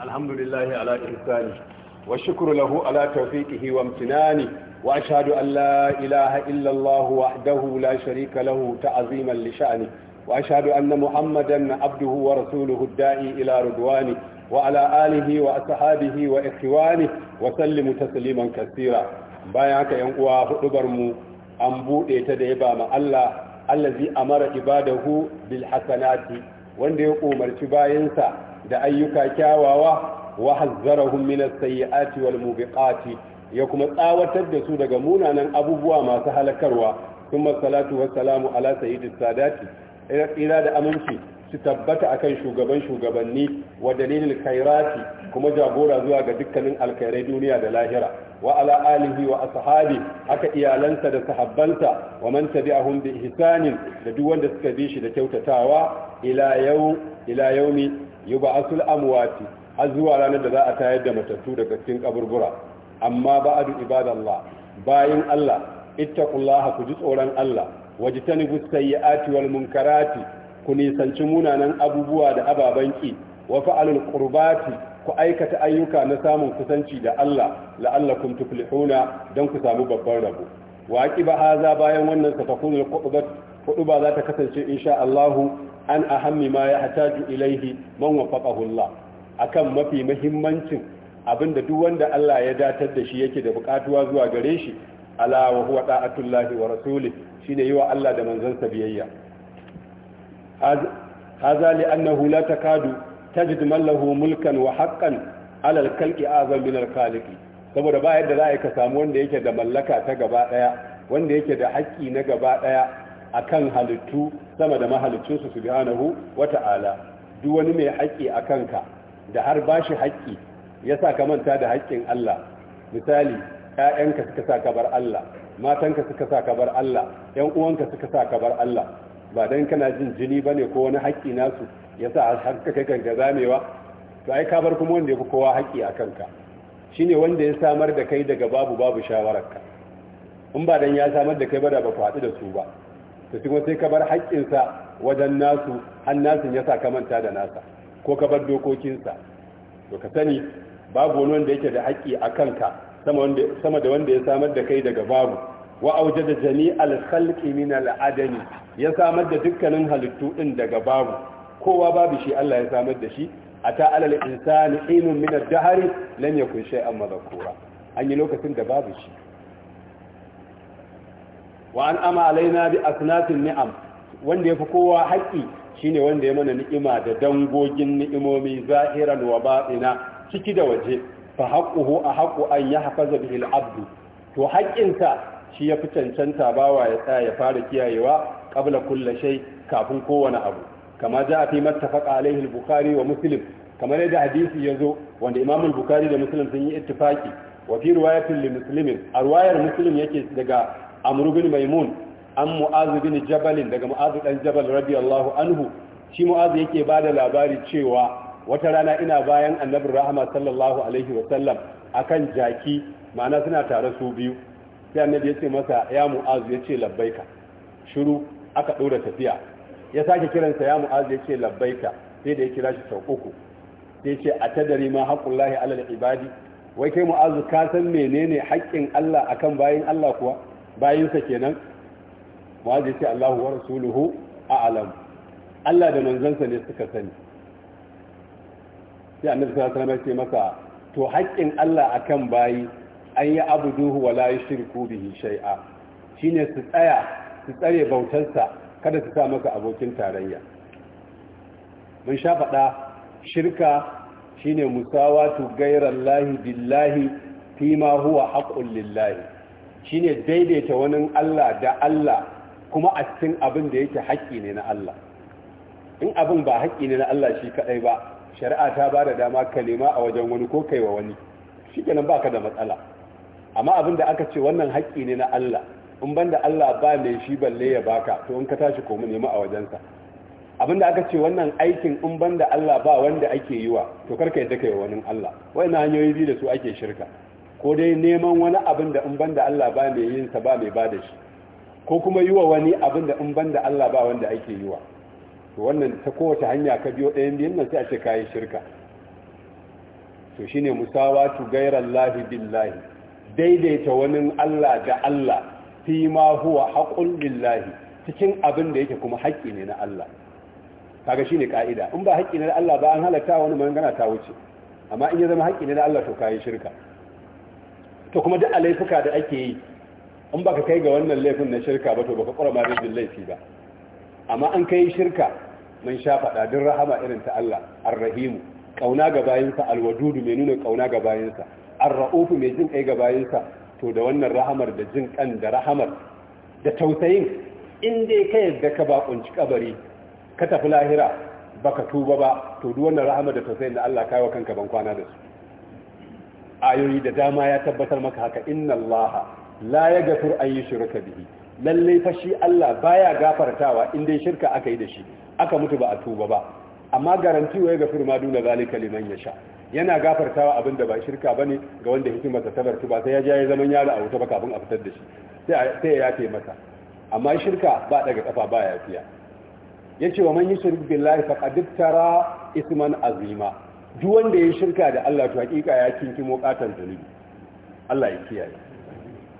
alhamdulillahi ala wa shukru lahu ala tawfiqihi wa imtinani wa ashhadu la ilaha illa Allah la sharika lahu ta'ziman li sha'ni wa ashhadu anna Muhammadan abduhu wa rasuluhu ad ila ridwani wa wa ashabihi wa ikhwani wa sallimu tasliman katsira bayan haka yan uwa hudubar mu an buɗe ta da ba ma Allah allazi amara ibadahu bil hasanati wanda ya umarci bayansa da ayyuka kyawawa wa hazzarahum min as-sayyi'ati wal mubiqati ya kuma tsawatar da su daga munanan abubuwa masu halakarwa kuma salatu salamu ala sayyidis sadati ira da aminci su tabbata akan shugaban shugabanni wa dalilin khairati kuma jagora zuwa ga dukkanin alkhairai duniya da lahira wa ala alihi wa ashabi aka iyalansa da sahabbansa wa man tabi'ahum bi ihsanin da duk wanda suka bi shi da kyautatawa ila yau ila yaumi yub'asul amwati har zuwa ranar da za a tayar da matattu daga cikin kaburbura amma ba'adu ibadallah bayin Allah ittaqullaha ku ji tsoron Allah wajtanibus sayyiati wal munkarati ku nisanci munanan abubuwa da ababan ki wa fa'alul qurbati ku aikata ayyuka na samun kusanci da Allah la'allakum tuflihuna dan ku samu babban rabo Waƙi ba haza bayan wannan safakunan qudbat hudu ba za ta kasance insha an ahammi ma ya hataju ilaihi man wafaqahu Allah akan mafi muhimmancin abinda duk wanda Allah ya datar da shi yake da bukatuwa zuwa gare shi ala wa huwa da'atullahi wa rasuli shine yiwa Allah da manzansa biyayya hadha li annahu la takadu tajid man lahu mulkan wa haqqan ala al-khalqi azam min al-khaliqi saboda ba yadda za ka samu wanda yake da mallaka ta gaba daya wanda yake da haƙƙi na gaba daya akan halittu sama da mahalicin su subhanahu wata'ala duk wani mai haƙƙi a kanka da har bashi haƙƙi ya sa ka manta da haƙƙin Allah misali ƴaƴanka suka sa ka bar Allah matanka suka sa ka bar Allah ƴan uwanka suka sa ka bar Allah ba dan kana jin jini bane ko wani haƙƙi nasu ya sa har ka kai kanka zamewa to ai ka bar kuma wanda yafi kowa haƙƙi a kanka shine wanda ya samar da kai daga babu babu shawararka in ba dan ya samar da kai ba da ba ku haɗu da su ba to cikin sai ka bar haƙƙinsa wajen nasu har nasin ya sa ka manta da nasa ko ka bar dokokinsa to ka sani babu wani wanda yake da haƙƙi a kanka sama da wanda ya samar da kai daga babu wa auje da jami'al khalqi min al'adani ya samar da dukkanin halittu din daga babu kowa babu shi Allah ya samar da shi ata alal insani inun min ad-dahr lam yakun shay'an madhkura an yi lokacin da babu shi wa an ama alaina bi asnatin ni'am wanda yafi kowa haƙƙi shine wanda ya mana ni'ima da dangogin ni'imomi zahiran wa batina ciki da waje fa haqquhu a haqqu an yahfaza bihi al-abd to haƙƙinsa shi ya fi cancanta bawa ya tsaya ya fara kiyayewa qabla kulli shay kafin kowane abu kama ja fi mattafaqa alaihi al-bukhari wa muslim kamar yadda hadisi yazo wanda imam al-bukhari da muslim sun yi ittifaki wa fi riwayatin li muslimin a riwayar muslim yake daga amru bin maimun an mu'azu bin jabalin daga mu'azu dan jabal radiyallahu anhu shi mu'azu yake bada labari cewa wata rana ina bayan annabin rahama sallallahu alaihi wa sallam akan jaki ma'ana suna tare su biyu sai annabi ya ce masa ya mu'azu ya ce labbaika shiru aka ɗora tafiya ya sake kiransa ya mu'azu ya ce labbaika sai da ya kira shi sau uku sai ce a tadari ma haƙullahi alal ibadi wai kai mu'azu ka san menene haƙƙin Allah akan bayan Allah kuwa bayinsa kenan mu'az ce Allahu wa rasuluhu a'lam Allah da manzansa ne suka sani sai annabi sallallahu alaihi wasallam ya ce masa to haƙƙin Allah akan bayi an yi abuduhu wala la yushriku bihi shay'a shine su tsaya su tsare bautarsa kada su sa masa abokin tarayya mun sha faɗa shirka shine musawatu ghayrallahi billahi fima huwa haqqun lillahi shine daidaita wani Allah da Allah kuma a cikin abin da yake haƙƙi ne na Allah in abin ba haƙƙi ne na Allah shi kaɗai ba shari'a ta ba da dama ka nema a wajen wani ko kaiwa wani shi ba baka da matsala amma abin da aka ce wannan haƙƙi ne na Allah in banda Allah ba ne shi balle ya baka to in ka tashi komu nema a wajensa abin da aka ce wannan aikin in banda Allah ba wanda ake yi wa to karka yadda kai wa wani Allah wayannan hanyoyi biyu da su ake shirka ko dai neman wani abin da in ban da Allah ba mai yin sa ba mai ba da shi ko kuma yi wa wani abin da in ban da Allah ba wanda ake yi wa to wannan ta kowace hanya ka biyo ɗayan biyan nan sai a ce kayi shirka to shine musawatu ghairallahi billahi daidaita wani Allah da Allah fi ma huwa haqqun billahi cikin abin da yake kuma haƙƙi ne na Allah kaga shine ka'ida in ba haƙƙi ne na Allah ba an halatta wani magana ta wuce amma in ya zama haƙƙi ne na Allah to kayi shirka to kuma duk laifuka da ake yi in baka kai ga wannan laifin na shirka ba to ba ƙwara ma rajin laifi ba amma an kai shirka mun sha faɗa din rahama irin ta Allah arrahimu kauna ga bayinsa alwadudu mai nuna kauna ga bayinsa arraufu mai jin kai ga bayinsa to da wannan rahamar da jin kan da rahamar da tausayin in dai ka yadda ka ba kunci kabari ka tafi lahira baka tuba ba to duk wannan rahamar da tausayin da Allah kai wa kanka ban kwana da su ayoyi da dama ya tabbatar maka haka inna Allah la yaghfir an yushraka bihi lalle fa shi Allah baya gafartawa in dai shirka aka yi da shi aka mutu ba a tuba ba amma garanti wa gafir ma duna zalika liman yasha yana gafartawa abinda ba shirka bane ga wanda hikimarsa ta barki ba sai ya jaye zaman yaro a wuta ba kafin a fitar da shi sai ya yafe masa amma shirka ba daga kafa ba yafiya yace wa man yushrik billahi faqad tara isman azima duk wanda ya shirka da Allah to hakika ya mu katan zulubi Allah ya kiyaye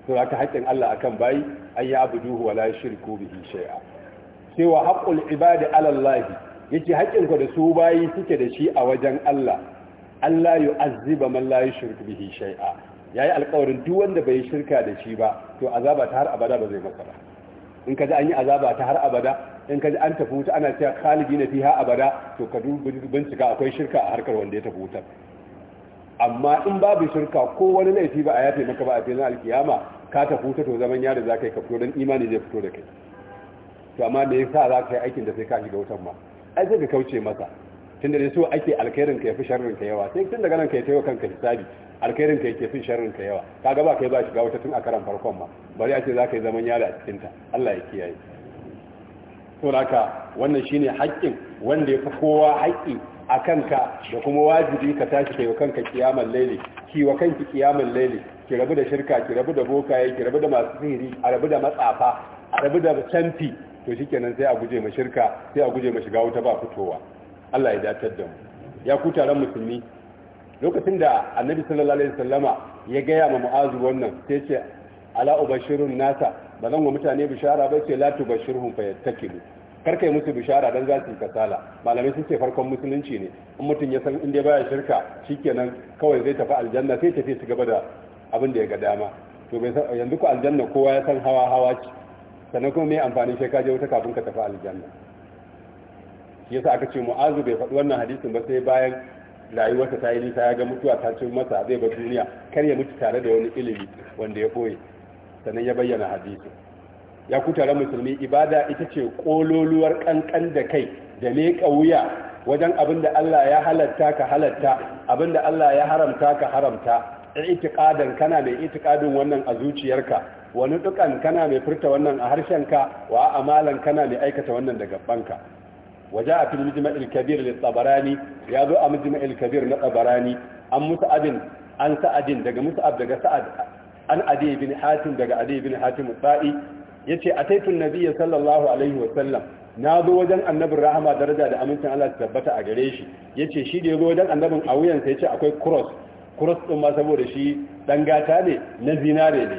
to haka hakkin Allah akan bayi ay ya'buduhu wa la yushriku bihi shay'a sai wa haqqul ibadi ala Allah yace haƙƙin ku da su bayi suke da shi a wajen Allah Allah yu'azziba man la yushriku bihi shay'a yayi alƙawarin duk wanda bai shirka da shi ba to azaba ta har abada ba zai masa ba in kaji an yi azaba ta har abada in ka ji an tafi wuta ana cewa khalidi na fiha Bada, to ka bincika akwai shirka a harkar wanda ya tafi wuta amma in babu shirka ko wani laifi ba a yafe maka ba a filin alkiyama ka tafi wuta to zaman yaro za ka yi ka don imani zai fito da kai to amma da sa za ka yi aikin da sai ka shiga wutan ma ai sai ka kauce masa tun da so ake alkhairin ka yafi sharrin ka yawa sai tun daga nan ka yi taiwa kanka hisabi alkhairin ka yake fi sharrin ka yawa kaga ba kai ba shiga wuta tun a karan farkon ma bari a ce za ka yi zaman yari a cikinta Allah ya kiyaye saboda wannan shine haƙƙin wanda ya fi kowa haƙƙi a kanka da kuma wajibi ka tashi kai wa kanka kiyamar laili ki wa kanki kiyamar laili ki rabu da shirka ki rabu da bokaye ki rabu da masu sihiri a rabu da matsafa a rabu da canfi to shikenan sai a guje ma shirka sai a guje ma shiga wuta ba fitowa Allah ya dace da mu ya ku taron musulmi lokacin da annabi sallallahu alaihi wasallama ya gaya ma mu'azu wannan sai ce ala ubashirun nasa ba zan wa mutane bishara ba ce ba tubashirhum fa yattakilu karkai musu bishara dan za su yi kasala malamai sun ce farkon musulunci ne in mutum ya san inda baya shirka shikenan kawai zai tafi aljanna sai tafi su gaba da abin da ya ga dama to bai yanzu ku aljanna kowa ya san hawa hawa ce sannan kuma mai amfani sai ka je wuta kafin ka tafi aljanna shi yasa aka ce mu'azu bai faɗi wannan hadisin ba sai bayan rayuwarsa ta yi nisa ya ga mutuwa ta ci masa zai bar duniya kar ya mutu tare da wani ilimi wanda ya boye sannan ya bayyana hadisi ya ku tare musulmi ibada ita ce ƙololuwar ƙanƙan da kai da ne wuya wajen abin da Allah ya halatta ka halatta abin da Allah ya haramta ka haramta itiqadan kana mai itiqadin wannan a zuciyarka wani dukan kana mai furta wannan a harshenka wa amalan kana mai aikata wannan da gabanka وجاء ya zo a للطبراني يابو المجمع الكبير للطبراني أم مسعد an سعد daga مسعد daga Sa'ad. an adi bin hatim daga adi bin hatim sa'i yace ataitu nabiyya sallallahu alaihi wa sallam na zo wajen annabin rahama daraja da amincin Allah ta tabbata a gare shi yace shi da ya zo wajen annabin a wuyansa yace akwai cross cross din ma saboda shi dan gata ne na zinare ne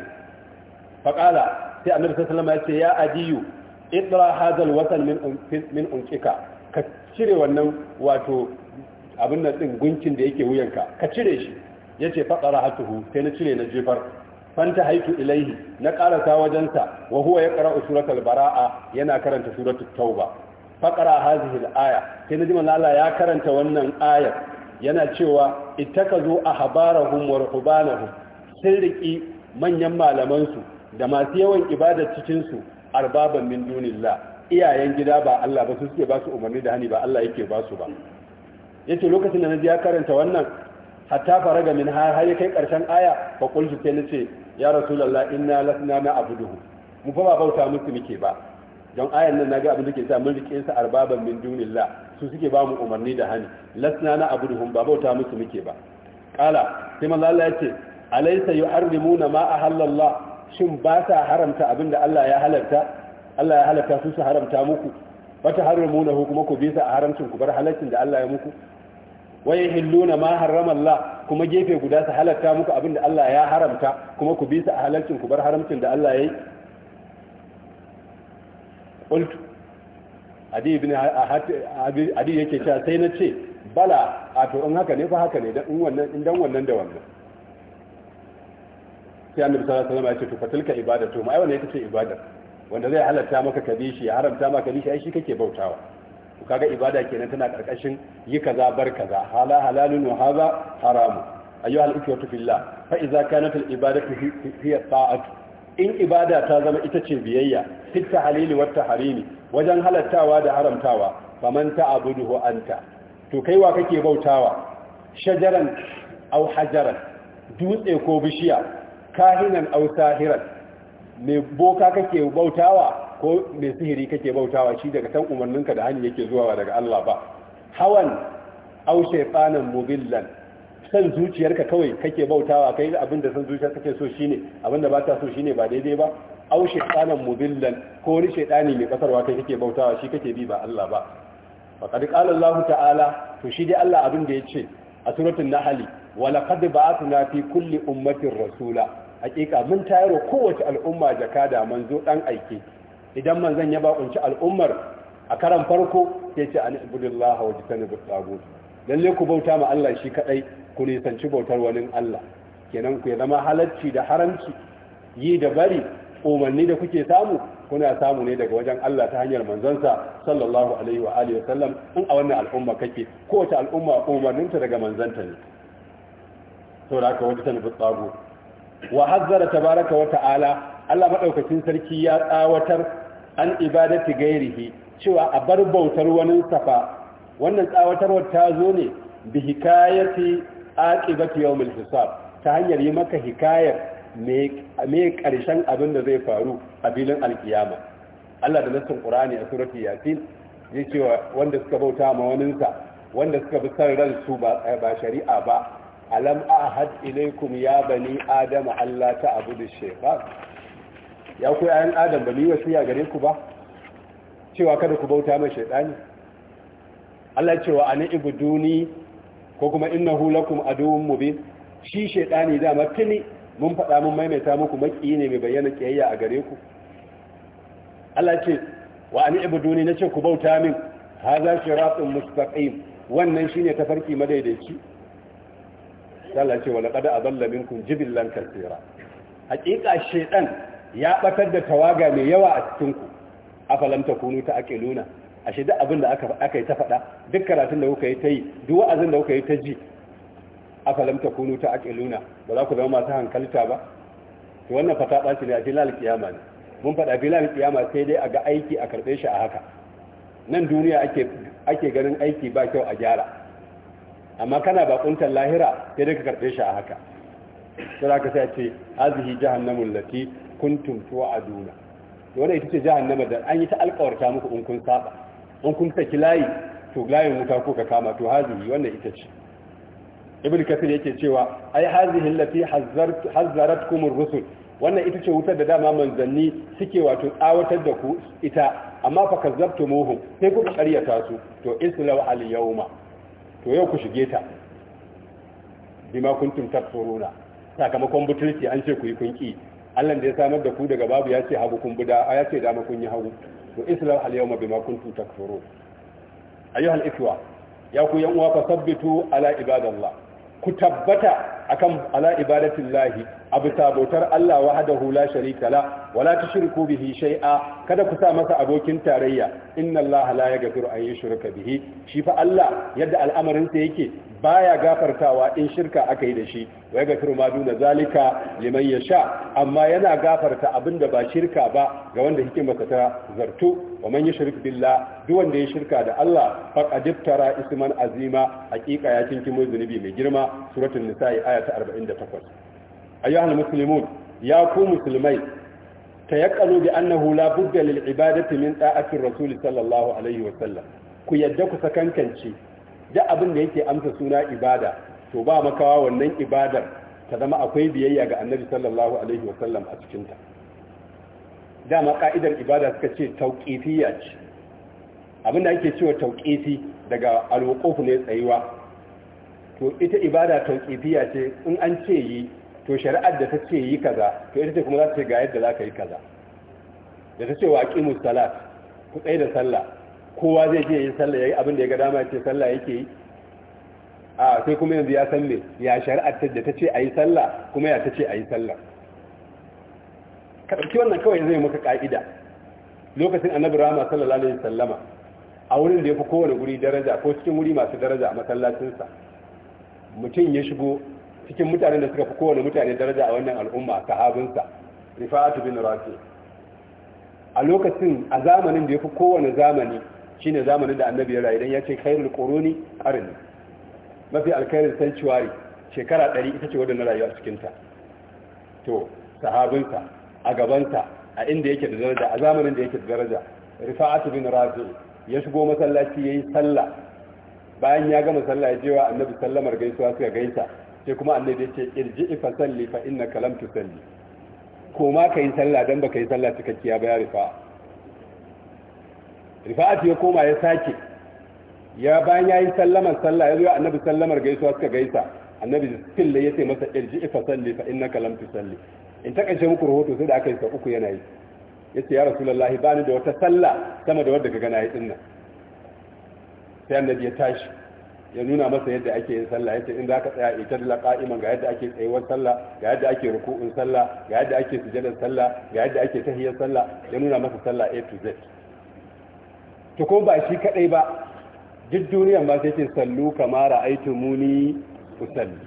faqala sai annabi sallallahu alaihi wa sallam ya adiyu idra hadha alwatan min min unkika ka cire wannan wato abin nan din gunkin da yake wuyanka ka cire shi yace faqara hatuhu sai na cire na jefar fanta haitu ilaihi na karasa wajensa wa huwa ya qara suratul baraa yana karanta suratul tauba faqara hadhihi al-aya sai naji Allah ya karanta wannan ayar yana cewa ittakazu ahbarahum wa ruhbanahum sirriki manyan malaman su da masu yawan ibada cikin su arbaban min dunillah iyayen gida ba Allah ba su suke ba su umarni da hani ba Allah yake ba su ba yace lokacin da naji ya karanta wannan hatta faraga min har har ya kai karshen aya fa qultu sai nace ya rasulullah inna lasna na abuduhu mu fa ba bauta musu muke ba don ayan nan naga abin da ke sa mun rike su arbaban min dunillah su suke ba mu umarni da hani lasna na abuduhum ba bauta musu muke ba kala sai manzo Allah ya ce alaysa yu'arrimuna ma ahallallah shin ba sa haramta abin da Allah ya halarta Allah ya halarta su su haramta muku wata haramunahu kuma ku bisa a haramcin ku bar halaccin da Allah ya muku waye hilluna ma harrama Allah kuma gefe guda su halatta muku abin da Allah ya haramta kuma ku bi su a halalcin ku bar haramcin da Allah ya yi qultu adi ibn adi yake cewa sai na ce bala a to in haka ne fa haka ne dan wannan in dan wannan da wannan sai annabi sallallahu alaihi wasallam ya ce to fatilka ibadatu mai wannan ita ce ibada, wanda zai halatta maka kabishi ya haramta maka kabishi ai shi kake bautawa kaga ibada kenan tana karkashin yi kaza bar kaza hala halalun wa hadha haramu ayyuha al-ikhwatu fillah fa idza kanat al-ibadatu fi ta'at in ibada ta zama ita ce biyayya fit tahlili wat tahrimi wajen halattawa da haramtawa faman ta'buduhu anta to kaiwa kake bautawa shajaran aw hajaran dutse ko bishiya kahinan aw sahiran me boka kake bautawa ko mai sihiri kake bautawa shi daga san umarninka da hannu yake zuwa daga Allah ba hawan au shaytanan mubillan san zuciyarka kawai kake bautawa kai abin da san zuciyar kake so shine abin da ba ta so shine ba daidai ba au shaytanan mubillan ko wani shaytani mai kasarwa kai kake bautawa shi kake bi ba Allah ba faqad qala Allah ta'ala to shi dai Allah abin da ce a suratul nahl wa laqad ba'athna fi kulli ummatin rasula hakika mun tayar kowace al'umma jaka jakada manzo ɗan aiki. idan manzon ya bakunci al'ummar a karan farko sai ce an ibudillah wa jitanibut tagut lalle ku bauta ma Allah shi kadai ku nisanci bautar wani Allah kenan ku ya zama halacci da haramci yi da bari umarni da kuke samu kuna samu ne daga wajen Allah ta hanyar manzansa sallallahu alaihi wa alihi wasallam in a wannan al'umma kake kowace al'umma umarninta daga manzanta ne saboda haka wata tanufi tsago wa hazzara tabaraka wa ta'ala Allah madaukakin sarki ya tsawatar an ibadati gairihi cewa a bar bautar wani safa wannan tsawatarwar ta zo ne bi hikayati aqibati yawmil hisab ta hanyar yi maka hikayar me karshen abin da zai faru a filin alkiyama Allah da nassin Qur'ani a surati Yasin ya ce wanda suka bauta ma waninsa wanda suka bi san su ba ba shari'a ba alam ahad ilaykum ya bani adama Allah ta'budu shaytan ya ku ayan adam ba ni wasiya gare ku ba cewa kada ku bauta mai shaidani Allah cewa ani ibuduni ko kuma innahu lakum aduwwun mubin shi shaidani da matini mun faɗa mun maimaita muku maki ne mai bayyana kiyayya a gare ku Allah ce wa ani ibuduni nace ku bauta min hadha siratun mustaqim wannan shine tafarki madaidaici Allah ce wa laqad adalla minkum jibillan kaseera Haƙiƙa shaidan ya batar da tawaga mai yawa a cikin ku ta kunu ta aqiluna ashe duk abin da aka aka yi ta faɗa duk karatun da kuka yi ta yi duk wa'azin da kuka yi ta ji afalam kunu ta luna. ba za ku zama masu hankalta ba to wannan fata ɓaci ne a filal kiyama ne mun faɗa filal kiyama sai dai a ga aiki a karɓe shi a haka nan duniya ake ake ganin aiki ba kyau a gyara amma kana bakuntar lahira sai dai ka karɓe shi a haka sai ka sai ce hazihi jahannamul lati kuntum tu'aduna wanda ita ce jihar jahannama da an yi ta alƙawarta muku in kun saba in kun saki layi to layin wuta ko ka kama to hazihi wannan ita ce ibn kasir yake cewa ai hazihi allati hazzaratkum ar-rusul wannan ita ce wutar da dama manzanni suke wato tsawatar da ku ita amma fa kazzabtumuhum sai kuka ƙaryata su to islaw al yawma to yau ku shige ta bima kuntum takfuruna sakamakon butulci an ce ku yi kunki Allah da ya samar da ku daga babu ya ce hagu kun buda ya ce dama kun yi hagu to islam al yawma bima kuntum takfurun ayyuhal ikwa ya ku yan uwa fasabbitu ala ibadallah ku tabbata akan ala lahi abu sabotar Allah wahada la sharika la wala tushriku bihi shai'a kada ku sa masa abokin tarayya inna Allah la yaghfiru an shirka bihi shi fa Allah yadda al'amarin yake baya gafartawa in shirka aka yi da shi wa yaghfiru ma duna zalika liman sha, amma yana gafarta abinda ba shirka ba ga wanda hikimarsa ta zartu wa man yushrik billah duk wanda ya shirka da Allah faqad iftara isman azima haƙiƙa ya cinki mai zunubi mai girma suratul nisa'i aya aya ta 48 ya ku musulmai tayaqqalu bi annahu la budda lil ibadati min ta'ati rasul sallallahu alaihi wa sallam ku yadda ku sakankance da abin da yake amsa suna ibada to ba makawa wannan ibadar ta zama akwai biyayya ga annabi sallallahu alaihi wa sallam a cikin ta dama ka'idar ibada suka ce tauqifiyya ce abin da ake cewa tauqifi daga alwuquf ne tsayuwa to ita ibada tauqifiya ce in an ce yi to shari'ar da ta ce yi kaza to ita ce kuma za ta ce ga yadda za ka yi kaza da ta ce wa aqimus salat ku tsaye da sallah kowa zai je yi sallah yayi abin da ya ga dama ce sallah yake yi a sai kuma yanzu ya san me ya shari'ar ta da ta ce ayi sallah kuma ya ta ce ayi sallah ka ɗauki wannan kawai zai maka ka'ida lokacin annabi rama sallallahu alaihi wasallama a wurin da ya fi kowane guri daraja ko cikin wuri masu daraja a masallacinsa mutum ya shigo cikin mutanen da suka fi kowane mutane daraja a wannan al'umma sahabinsa rifa'atu bin rafi a lokacin a zamanin da ya fi kowane zamani shine zamanin da annabi ya rayu don ya ce kairul ƙoroni, qarni mafi alkhairin sanctuary shekara ɗari, ita ce waɗanda rayuwa to ta habinsa a gabansa a inda yake da daraja a zamanin da yake da daraja rifa'atu bin rafi ya shigo masallaci ya yi sallah bayan ya gama sallah ya jewa annabi sallamar gaisuwa suka gaisa sai kuma annabi ya ce irji fa salli fa kalam tu salli ko ma kai sallah dan baka yi sallah cikakkiya ba ya rifa rifa'at ya koma ya sake ya bayan ya yi sallamar sallah ya zo annabi sallamar gaisuwa suka gaisa annabi still ya ce masa irji fa salli fa kalam tu salli in kace muku rahoto sai da aka yi sa uku yana yi yace ya rasulullahi bani da wata sallah sama da wadda ka gana yi dinnan sai annabi ya tashi ya nuna masa yadda ake yin sallah yace in zaka tsaya ita da qa'iman ga yadda ake tsayuwar sallah ga yadda ake ruku'un sallah ga yadda ake sujadar sallah ga yadda ake tahiyyar sallah ya nuna masa sallah A to Z to ko ba shi kadai ba duk duniyan ba sai ce sallu kama ra'aytumuni usalli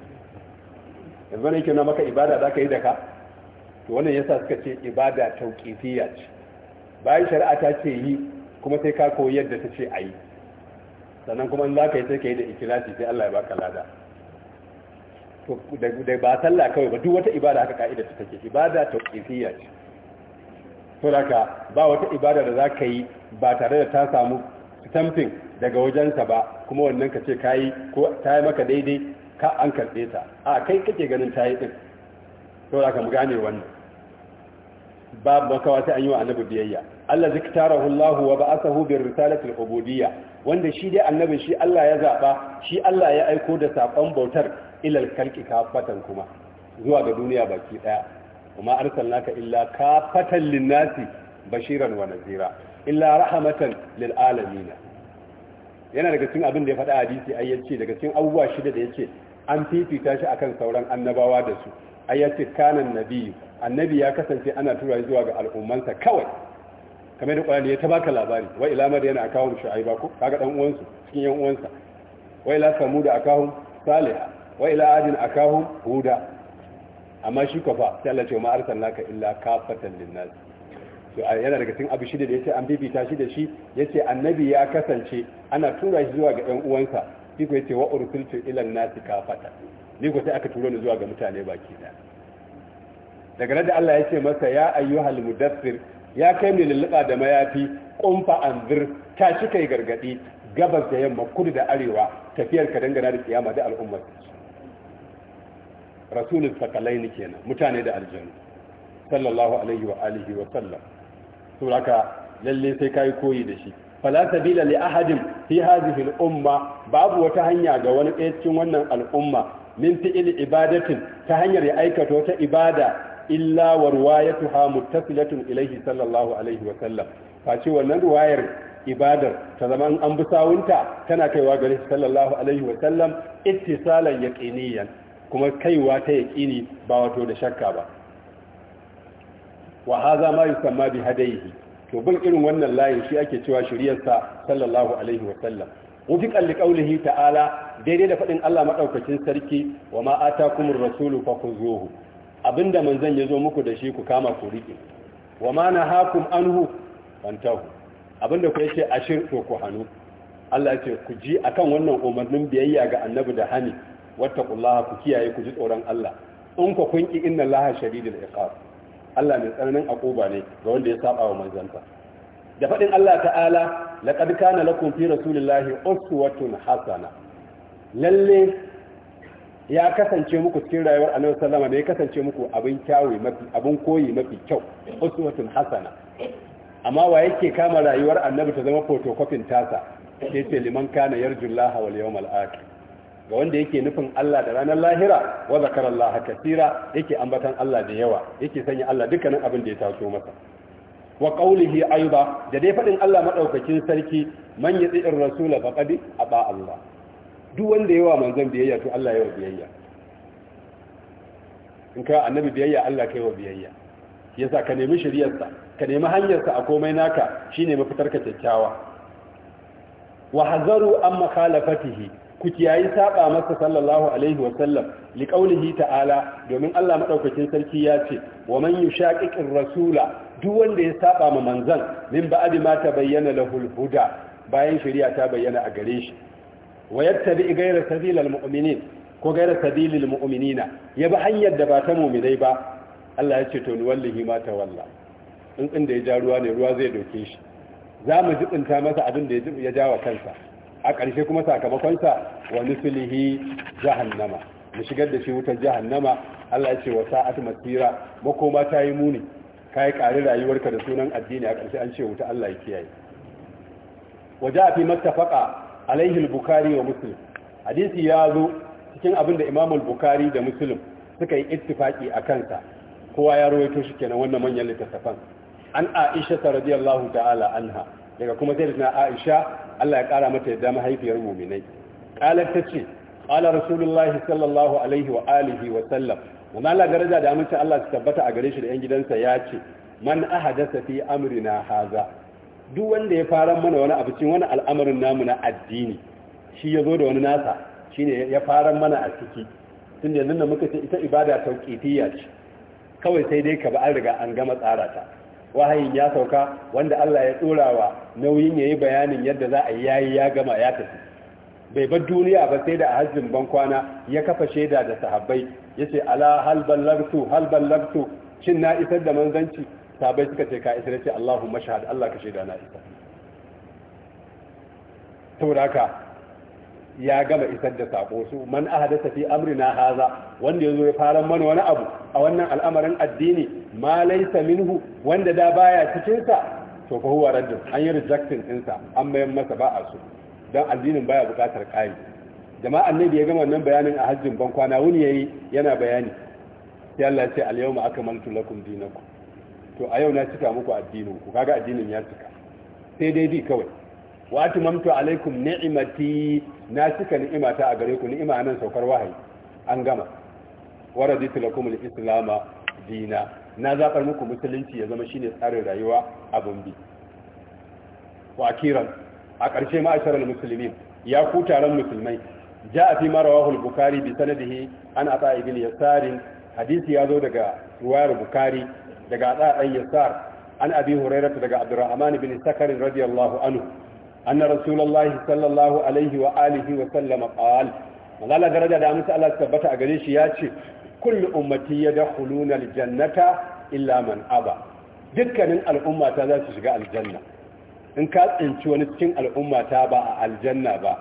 yanzu ne ke maka ibada zaka yi da ka to wannan yasa suka ce ibada tauqifiyya ce bayan shari'a ta ce yi kuma sai ka koyi yadda ta ce ayi sannan kuma in za ka yi sai ka yi da ikilasi sai Allah ya baka lada da ba sallah kawai ba duk wata ibada haka ka'ida ta take ibada tauqifiyya ce to haka ba wata ibada da za ka yi ba tare da ta samu tamfin daga wajensa ba kuma wannan ka ce yi, ko ta yi maka daidai ka an karɓe ta a kai kake ganin ta yi ɗin to haka mu gane wannan babu makawa sai an yi wa annabi biyayya Allah ziktarahullahu wa ba'athahu bir risalati al-ubudiyya wanda shi dai Annabi shi Allah ya zaba shi Allah ya aiko da sakon bautar ilal kalki kafatan kuma zuwa ga duniya baki daya kuma arsalnaka illa kafatan linnasi bashiran wa nazira illa rahmatan lil alamin yana daga cikin abin da ya faɗa hadisi ai yace daga cikin abubuwa shida da yace an fifita shi akan sauran annabawa da su ai yace kanan nabi annabi ya kasance ana tura zuwa ga al'ummansa kawai kamar da qur'ani ya ta baka labari wa ila madiyana akahum shu'aiba ko kaga dan uwansu cikin yan uwansa wa ila samud akahum salih wa ila adin akahum huda amma shi kafa sai Allah ce ma arsalnaka illa kafatan linnas to yana daga cikin abu shida da yace an bibita shi da shi yace annabi ya kasance ana tura shi zuwa ga yan uwansa shi ko yace wa ursiltu ila nasi kafatan ni ko sai aka turo ni zuwa ga mutane baki daya daga nan da Allah ya ce masa ya ayyuhal mudaffir ya kai mai lulluɓa da mayafi ƙumfa anzir tashi kai gargaɗi gabas da yamma kudu da arewa tafiyar ka dangana da kiyama da al'ummar rasulun sakalaini kenan mutane da aljanu sallallahu alaihi wa alihi wa sallam suraka lalle sai kai koyi da shi fala sabila li ahadin fi hadhihi umma babu wata hanya ga wani ɗaya cikin wannan al'umma min fi'il ibadatin ta hanyar ya aikata wata ibada illa wa riwayatuha muttasilatun ilayhi sallallahu alaihi wa sallam ce wannan riwayar ibadar ta zama an bi tana kaiwa gare shi sallallahu alaihi wa sallam ittisalan yaqiniyan kuma kaiwa ta yaqini ba wato da shakka ba wa hadha ma yusamma bi hadayhi to bin irin wannan layin shi ake cewa shiriyarsa sallallahu alaihi wa sallam wufiqan liqaulihi ta'ala daidai da faɗin Allah maɗaukacin sarki wa ma atakumur rasulu fakhuzuhu abinda manzon ya zo muku da shi ku kama ku riƙe wa ma nahakum anhu fantahu abinda ku yace ashir to ku hanu Allah ce ku ji akan wannan umarnin biyayya ga annabi da hani wattaqullaha ku kiyaye ku ji tsoron Allah in ku kun ki inna laha shadidul iqab Allah mai tsananin akuba ne ga wanda ya saba wa manzanta da fadin Allah ta'ala laqad kana lakum fi rasulillahi uswatun hasana lalle ya kasance muku cikin rayuwar annabi sallama da ya kasance muku abin kyawu mafi abin koyi mafi kyau uswatun hasana amma wa yake kama rayuwar annabi ta zama photocopying tasa sai ce liman kana yarjullaha wal yawmal akhir ga wanda yake nufin Allah da ranar lahira wa zakarallaha katira yake ambatan Allah da yawa yake sanya Allah dukkanin abin da ya taso masa wa qawlihi ayda da dai fadin Allah madaukakin sarki man yati'ir rasula faqad aba Allah duk wanda yawa manzan biyayya to Allah yawa biyayya in ka annabi biyayya Allah kai wa biyayya yasa ka nemi shari'arsa ka nemi hanyarsa a komai naka shine mafitar ka kyakkyawa wa hazaru an makhalafatihi ku kiyayi saba masa sallallahu alaihi wa sallam li qaulihi ta'ala domin Allah madaukakin sarki ya ce wa man yushaqiqir rasula duk wanda ya saba ma manzan min ba'di ma tabayyana lahul huda bayan shari'a ta bayyana a gare shi wa yattabi ghayra sabilil mu'minin ko ghayra sabilil mu'minina ya bi hanyar da ba ta mu'minai ba Allah ya ce to ni wallahi ma ta walla in da ya ja ruwa ne ruwa zai doke shi za mu ji jibinta masa abin da ya ja wa kansa a ƙarshe kuma sakamakonsa wa jihar jahannama mu shigar da shi wutar jahannama Allah ya ce wa sa'at masira makoma ta yi muni kai ƙari rayuwarka da sunan addini a ƙarshe an ce wuta Allah ya kiyaye waja fi mattafaqa alaihi al-bukhari wa muslim hadisi ya zo cikin abinda imam al-bukhari da muslim suka yi ittifaki a kansa kowa ya rawaito shi kenan wannan manyan littattafan an aisha radiyallahu ta'ala anha daga kuma sai da aisha Allah ya kara mata yadda mahaifiyar mu'minai qalat tace qala rasulullahi sallallahu alaihi wa alihi wa sallam wannan daraja da amince Allah su tabbata a gare shi da yan gidansa ya ce man ahadatha fi amrina haza duk wanda ya fara mana wani abu cikin wani al'amarin namu na addini shi ya zo da wani nasa shi ne ya fara mana a ciki tun yanzu nuna muka ce ita ibada tauqifiyya ce kawai sai dai ka ba an riga an gama tsara ta wahayin ya sauka wanda Allah ya wa nauyin ya yi bayanin yadda za a yayi ya gama ya tafi bai bar duniya ba sai da a hajjin bankwana ya kafa shaida da sahabbai ce, ala hal ballagtu hal ballagtu shin na isar da manzanci sabai suka ce ka isa ce allahu mashahad Allah ka shaida na isa da haka ya gama isar da sako su man ahadatha fi amrina haza wanda yazo ya fara mana wani abu a wannan al'amarin addini ma laysa minhu wanda da baya cikin sa to fa huwa raddu an yi rejecting din sa an mayan masa ba a su dan addinin baya bukatar kai jama'a annabi ya gama wannan bayanin a hajjin ban kwana wuni yayi yana bayani sai Allah ya ce al-yawma akmaltu lakum dinakum to a yau na cika muku addinin ku kaga addinin ya cika sai dai bi kawai wa atmamtu alaikum ni'mati na cika ni'imata a gare ku ni'ima nan saukar wahayi an gama wa raditu lakum al dina na zabar muku musulunci ya zama shine tsarin rayuwa abun bi wa akiran a ƙarshe ma'asharal muslimin ya ku taron musulmai fi marawahul bukhari bi sanadihi an عن عطاء yasarin hadisi ya zo daga wayar Bukhari. daga ada ɗan yasar an abi hurairah daga abdurrahman bin sakar radiyallahu anhu anna rasulullahi sallallahu alaihi wa alihi wa sallam qala daraja da amsa Allah tabbata a gare shi ya ce kullu ummati yadkhuluna aljannata illa man aba dukkanin al'ummata za su shiga aljanna in ka tsinci wani cikin al'ummata ba a aljanna ba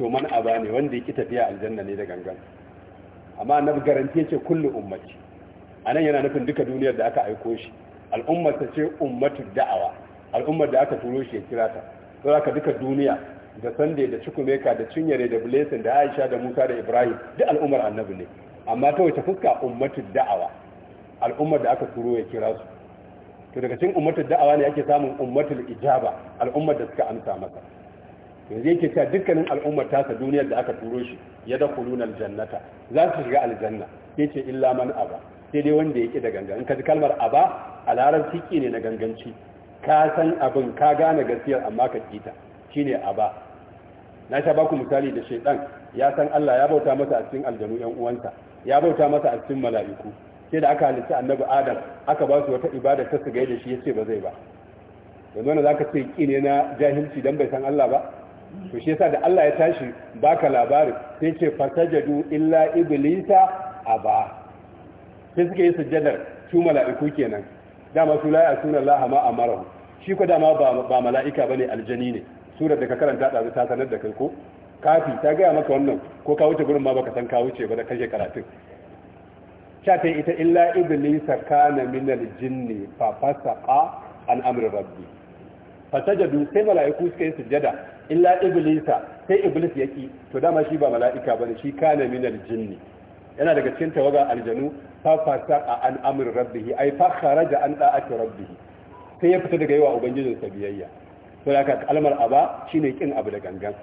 to man aba ne wanda yake tafiya aljanna ne da gangan amma annabi garantiye ce kullu ummati a nan yana nufin duka duniyar da aka aiko shi al'ummar ta ce ummatu da'awa al'ummar da aka turo shi ya kira ta to haka duka duniya da sande da cikumeka da cinyare da blessing da aisha da musa da ibrahim duk al'ummar annabi ne amma ta wace fuska ummatu da'awa al'ummar da aka turo ya kira su to daga cikin ummatu da'awa ne ake samun ummatul ijaba al'ummar da suka amsa masa yanzu yake cewa dukkanin al'ummar tasa duniyar da aka turo shi ya da kuluna aljannata za su shiga aljanna yace illa man aba sai dai wanda yake da gangan ka ji kalmar aba a larabci ki ne na ganganci ka san abin ka gane gaskiyar amma ka kita ne aba na sha baku misali da shaidan ya san Allah ya bauta masa a cikin aljanu yan uwansa ya bauta masa a cikin mala'iku sai da aka halitta annabi adam aka ba su wata ibada ta su gai da shi yace ba zai ba yanzu wanda zaka ce ki ne na jahilci dan bai san Allah ba to shi yasa da Allah ya tashi baka labarin sai ce fasajadu illa iblisa aba sai suka yi sujjadar su mala'iku kenan dama su la ya'suna Allah ma amarahu shi ko dama ba mala'ika bane aljani ne surar da ka karanta da ta sanar da kai ko kafi ta gaya maka wannan ko ka wuce gurin ma baka san ka wuce ba da kashe karatun sha ta ita illa iblis kana min aljinni fa fasaqa an amri rabbi fasajadu sai mala'iku suka yi sujjada illa iblis sai iblis yaki to dama shi ba mala'ika bane shi kana min aljinni yana daga cikin tawaga aljanu fafata a an rabbihi ai fa kharaja an da'ati rabbihi sai ya fita daga yawa ubangijin sa biyayya to haka kalmar aba shine kin abu da gangan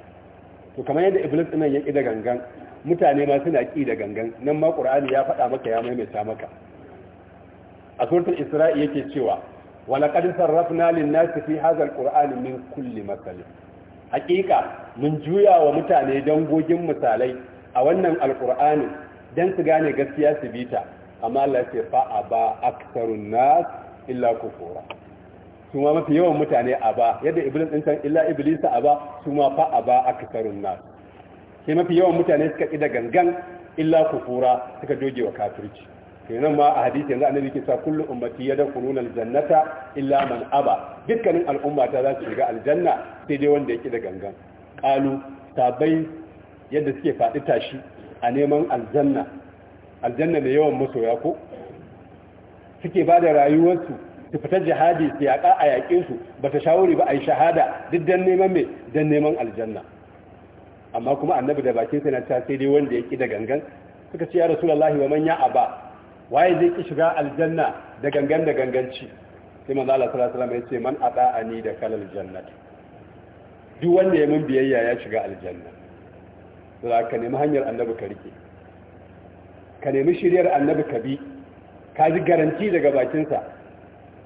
to kamar yadda iblis din ya ki da gangan mutane ma suna ki da gangan nan ma qur'ani ya faɗa maka ya maimaita maka a suratul isra'i yake cewa wa laqad sarrafna lin-nasi fi hadha al-qur'ani min kulli masal hakika mun juya wa mutane dangogin misalai a wannan alkur'ani dan su gane gaskiya su bi ta amma Allah ya ce fa aba aktarun nas illa kufura su ma mafi yawan mutane aba yadda iblis din san illa iblis aba su ma fa aba aktarun nas sai mafi yawan mutane suka ƙi da gangan illa kufura suka doge wa kafirci nan ma a hadisi yanzu annabi ke sa kullu ummati yadkhuluna aljannata illa man aba dukkanin al'umma ta za su shiga aljanna sai dai wanda ƙi da gangan qalu tabai yadda suke faɗi tashi a neman aljanna aljanna mai yawan masoya ko suke ba da rayuwarsu su fita jihadi su yaƙa a yaƙe su ba ta shawuri ba a yi shahada duk don neman mai don neman aljanna amma kuma annabi da bakin sa na ta sai dai wanda ya ƙi da gangan suka ce ya rasulullahi wa manya ba waye zai ƙi shiga aljanna da gangan da ganganci sai manzo Allah sallallahu alaihi wasallam ya ce man ata'ani da kalal jannati duk wanda ya min biyayya ya shiga aljanna da ka nemi hanyar annabi ka rike ka nemi shiryar annabi ka bi ka ji garanti daga bakinsa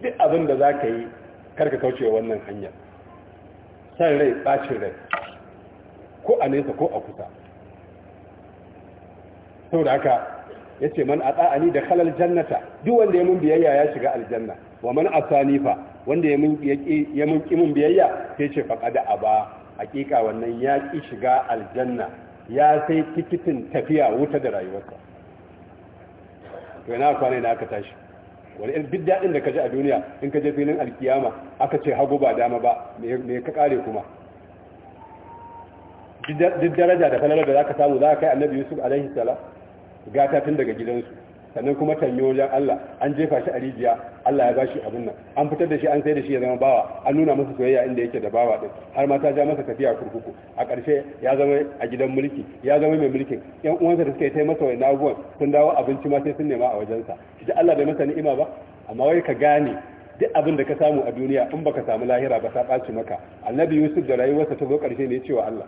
duk abin da za ka yi karka kauce wa wannan hanyar san rai bacin rai ko a nesa ko a kusa sau da haka ya ce man a tsa'ani da halal jannata duk wanda ya mun biyayya ya shiga aljanna wa man asani fa wanda ya mun kimin biyayya sai ce faƙa da aba hakika wannan ya ƙi shiga aljanna ya sai tikitin tafiya wuta da rayuwarsa to yana da aka tashi wani irin duk daɗin da ka ji a duniya in ka je filin alkiyama aka ce hagu ba dama ba me ka kare kuma duk daraja da falalar da za ka samu za ka kai annabi yusuf alaihi salam gata tun daga gidansu sannan kuma tanyo wajen Allah an jefa shi a rijiya Allah ya bashi abin nan an fitar da shi an sai da shi ya zama bawa an nuna masa soyayya inda yake da bawa din har ma ta ja masa tafiya kurkuku a ƙarshe ya zama a gidan mulki ya zama mai mulki yan uwansa da suka yi taimaka wa naguwan sun dawo abinci ma sai sun nema a wajensa shi Allah bai masa ni'ima ba amma wai ka gane duk abin da ka samu a duniya in baka samu lahira ba ta ɓaci maka annabi yusuf da rayuwarsa ta zo ƙarshe ne cewa Allah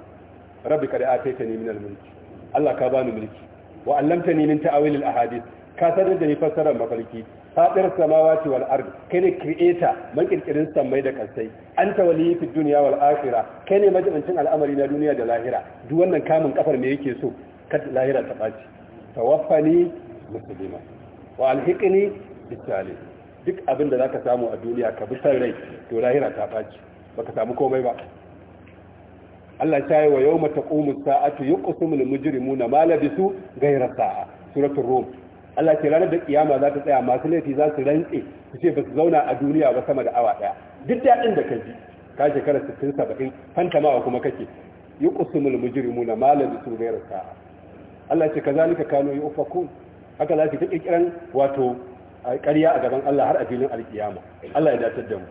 rabbi ta ataitani minal mulki Allah ka bani mulki wa allamtani min ta'awil al ahadith ka san da ni fassarar mafarki samawa samawati wal ard kai ne creator man kirkirin samai da kansai anta waliyyi fi dunya wal akhirah kai ne majibincin al'amari na duniya da lahira duk wannan kamun kafar me yake so kad lahira ta baci tawaffani muslima wa alhiqni bis duk abin da zaka samu a duniya ka bi san rai to lahira ta baci baka samu komai ba Allah ta yi wa yau mata ƙumus sa'atu yi ƙusumin mujirimu na malabisu gairar sa'a suratun Rom Allah ce ranar da kiyama za ta tsaya masu laifi za su rantse su ce ba su zauna a duniya ba sama da awa daya duk daɗin da ka ji ka shekara 60 70 fantamawa kuma kake yuqsimul mujrimuna ma la bisu ghayra sa'a Allah ce kazalika kanu yufakun haka za su ta ƙirƙiran wato ƙarya a gaban Allah har a filin alkiyama Allah ya dace da mu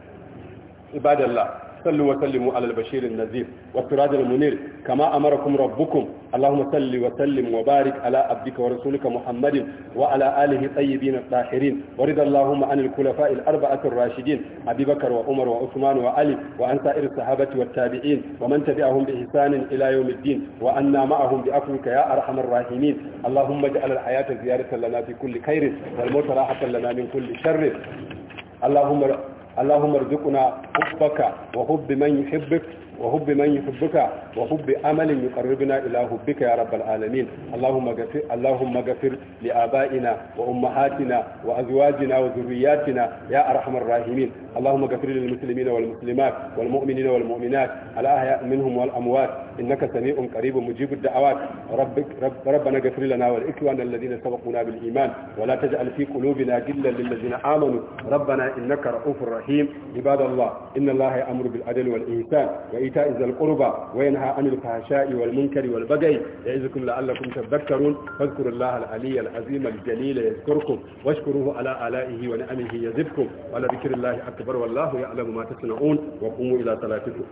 ibadallah صلوا وسلموا على البشير النذير والسراج المنير كما أمركم ربكم اللهم صل وسلم وبارك على عبدك ورسولك محمد وعلى آله الطيبين الطاهرين ورد اللهم عن الخلفاء الأربعة الراشدين أبي بكر وعمر وعثمان وعلي وعن سائر الصحابة والتابعين ومن تبعهم بإحسان إلى يوم الدين وأنا معهم بعفوك يا أرحم الراحمين اللهم اجعل الحياة زيارة لنا في كل خير والموت راحة لنا من كل شر اللهم اللهم ارزقنا حبك وحب من يحبك وحب من يحبك وحب أمل يقربنا إلى حبك يا رب العالمين اللهم غفر اللهم غفر لآبائنا وأمهاتنا وأزواجنا وذرياتنا يا أرحم الراحمين اللهم غفر للمسلمين والمسلمات والمؤمنين والمؤمنات على الأحياء منهم والأموات إنك سميع قريب مجيب الدعوات ربك رب ربنا غفر لنا والإخوان الذين سبقونا بالإيمان ولا تجعل في قلوبنا غلا للذين آمنوا ربنا إنك رؤوف رحيم عباد الله إن الله يأمر بالعدل والإحسان وإيتاء وإيتاء ذي القربى وينهى عن الفحشاء والمنكر والبغي يعظكم لعلكم تذكرون فاذكروا الله العلي العظيم الجليل يذكركم واشكروه على آلائه ونعمه يزدكم ولذكر الله أكبر والله يعلم ما تصنعون وقوموا إلى صلاتكم